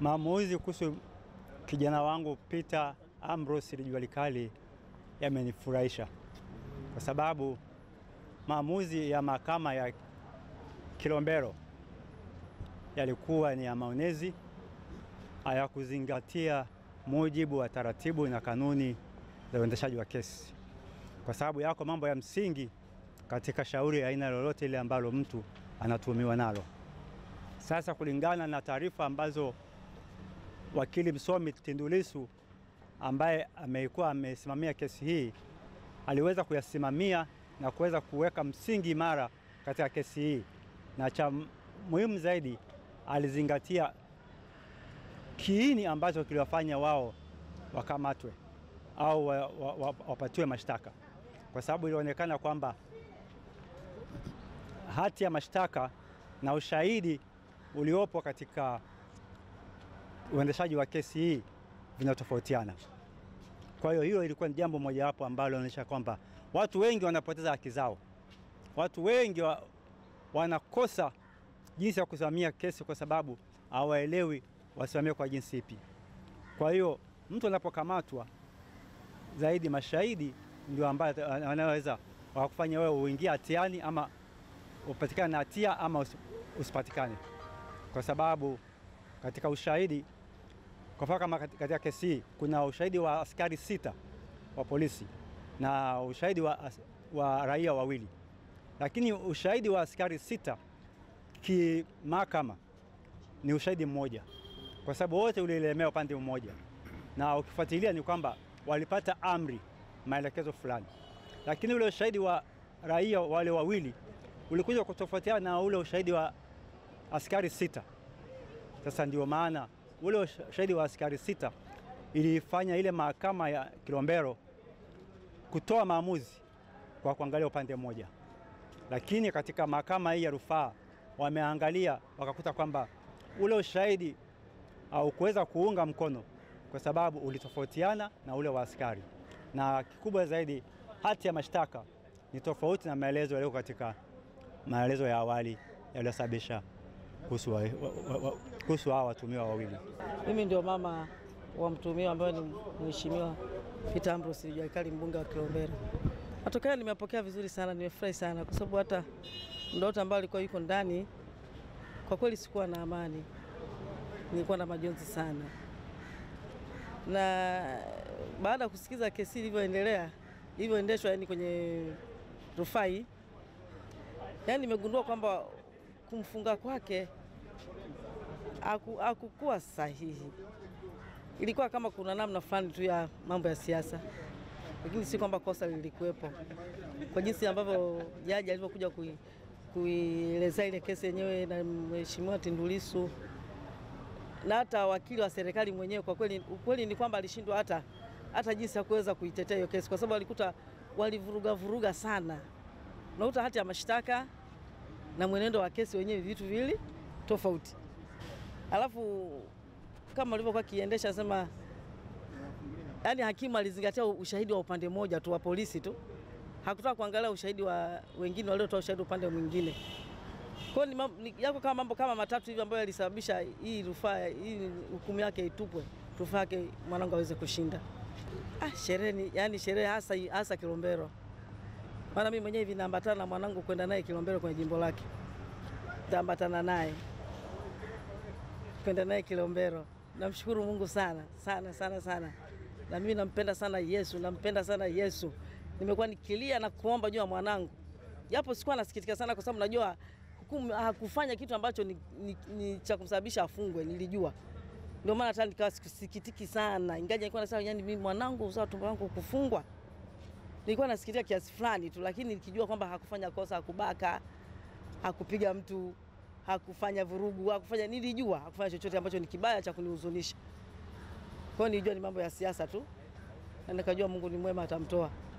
Maamuzi kuhusu kijana wangu Peter Ambrose Lijualikali yamenifurahisha kwa sababu maamuzi ya mahakama ya Kilombero yalikuwa ni ya maonezi, hayakuzingatia mujibu wa taratibu na kanuni za uendeshaji wa kesi, kwa sababu yako mambo ya msingi katika shauri ya aina lolote ile ambalo mtu anatuhumiwa nalo. Sasa kulingana na taarifa ambazo Wakili msomi Tundu Lissu ambaye amekuwa amesimamia kesi hii aliweza kuyasimamia na kuweza kuweka msingi imara katika kesi hii, na cha muhimu zaidi alizingatia kiini ambacho kiliwafanya wao wakamatwe au wapatiwe wa, wa, mashtaka, kwa sababu ilionekana kwamba hati ya mashtaka na ushahidi uliopo katika uendeshaji wa kesi hii vinatofautiana. Kwa hiyo hilo ilikuwa ni jambo mojawapo ambalo linaonyesha kwamba watu wengi wanapoteza haki zao, watu wengi wa, wanakosa jinsi ya kusimamia kesi kwa sababu hawaelewi wasimamie kwa jinsi ipi. Kwa hiyo mtu anapokamatwa, zaidi mashahidi ndio ambayo wanaweza wakufanya wewe uingie hatiani ama upatikane na hatia ama usipatikane, kwa sababu katika ushahidi kwa mfano kama katika kesi hii kuna ushahidi wa askari sita wa polisi na ushahidi wa, wa raia wawili, lakini ushahidi wa askari sita kimahakama ni ushahidi mmoja, kwa sababu wote ulielemea upande mmoja, na ukifuatilia ni kwamba walipata amri maelekezo fulani, lakini ule ushahidi wa raia wale wawili ulikuja kutofautiana na ule ushahidi wa askari sita. Sasa ndio maana ule ushahidi wa askari sita ilifanya ile mahakama ya Kilombero kutoa maamuzi kwa kuangalia upande mmoja, lakini katika mahakama hii ya rufaa wameangalia wakakuta kwamba ule ushahidi haukuweza kuunga mkono kwa sababu ulitofautiana na ule wa askari, na kikubwa zaidi hati ya mashtaka ni tofauti na maelezo yaliyo katika maelezo ya awali yaliyosababisha kuhusu hawa watumiwa wawili. Mimi ndio mama wa mtumiwa ambaye ni mheshimiwa Peter Ambrose mbunge wa Kilombero. Matokeo nimepokea vizuri sana, nimefurahi sana kwa sababu hata mdoto ambayo alikuwa yuko ndani, kwa kweli sikuwa na amani, nilikuwa na majonzi sana, na baada ya kusikiza kesi ilivyoendelea ilivyoendeshwa, yani kwenye rufai, yani nimegundua kwamba kumfunga kwake hakukuwa sahihi, ilikuwa kama kuna namna fulani tu ya mambo ya siasa, lakini si kwamba kosa lilikuwepo. Kwa jinsi ambavyo jaji alivyokuja kuielezea ile kesi yenyewe na mheshimiwa Tundu Lissu na hata wakili wa serikali mwenyewe, kwa kweli ukweli ni kwamba alishindwa hata hata jinsi ya kuweza kuitetea hiyo kesi, kwa sababu alikuta walivuruga vuruga sana, unakuta hati ya mashtaka na mwenendo wa kesi wenyewe vitu vili tofauti alafu kama ulivyokuwa kiendesha sema, yani hakimu alizingatia ushahidi wa upande mmoja tu wa polisi tu, hakutaka kuangalia ushahidi wa wengine waliotoa ushahidi upande mwingine. Kwa ni, ni, yako kama mambo kama matatu hivi ambayo yalisababisha hii rufaa hii hukumu yake itupwe, rufaa yake mwanangu aweze kushinda. Ah, sherehe ni yani sherehe hasa hasa Kilombero, maana mimi mwenyewe hivi naambatana na mwanangu kwenda naye Kilombero kwenye jimbo lake, nitaambatana naye nampenda naye Kilombero. Namshukuru Mungu sana sana sana sana, na mimi nampenda sana Yesu, nampenda sana Yesu. Nimekuwa nikilia na kuomba juu ya mwanangu, japo sikuwa nasikitika sana, kwa sababu najua hakufanya kitu ambacho ni, ni, ni cha kumsababisha afungwe, nilijua ndio maana hata nikawa sikitiki sana, ingaje nilikuwa nasema yani, mimi mwanangu uzao tumbo langu kufungwa, nilikuwa nasikitika kiasi fulani tu, lakini nikijua kwamba hakufanya kosa, hakubaka, hakupiga mtu hakufanya vurugu, hakufanya nilijua, hakufanya chochote ambacho ni kibaya cha kunihuzunisha. Kwa hiyo nilijua ni mambo ya siasa tu, na nikajua Mungu ni mwema, atamtoa.